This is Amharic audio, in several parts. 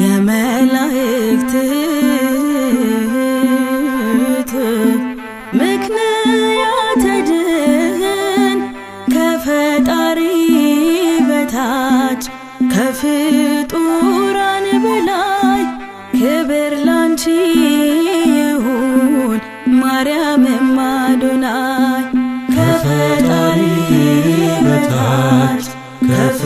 የመላእክት ምክንያት ድህን ከፈጣሪ በታች ከፍጡራን በላይ ክብር ላንቺ ይሁን ማርያም ማዶናይ ከፈጣሪ በታች ከፍ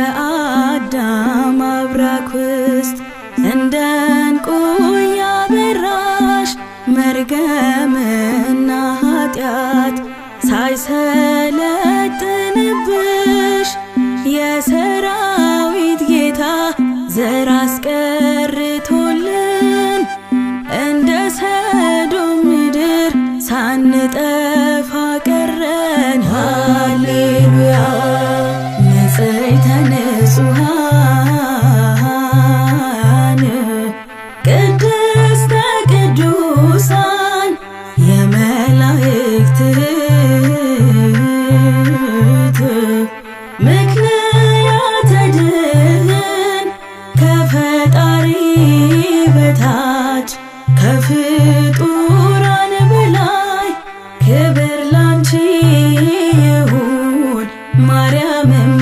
በአዳም አብራክ ውስጥ እንደ ዕንቁ ያበራሽ መርገምና ኃጢአት ሳይሰለጥንብሽ የሰራዊት ጌታ ዘር አስቀ ይሁን ማርያምም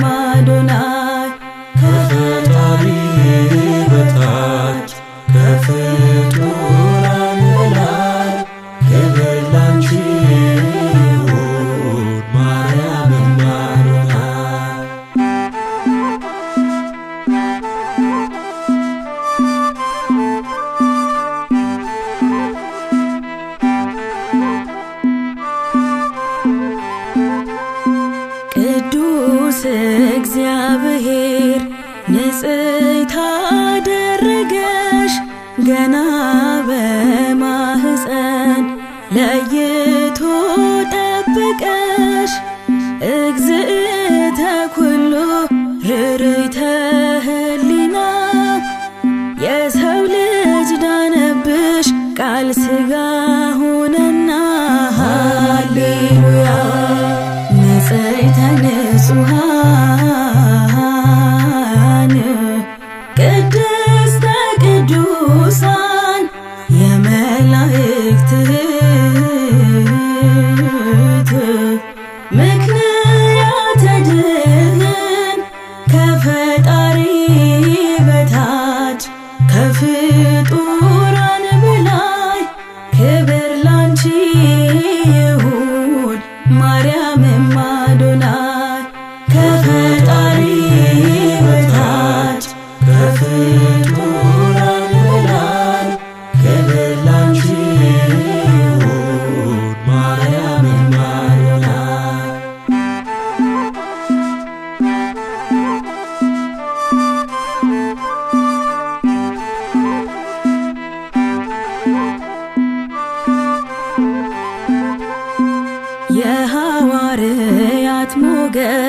እግዚአብሔር ንጽሕት አደረገሽ ገና በማህፀን ለይቶ ጠበቀሽ እግዝእተ ኩሉ ርርይተ ህሊና የሰው ልጅ ዳነብሽ ቃል ስጋ ሆነና ሃሌሉያ ንጽሕተ ንጹሃ ቅዱሳን ቅድስተ ቅዱሳን የመላእክት እህት ምክንያተ ድኅን ከፈ good.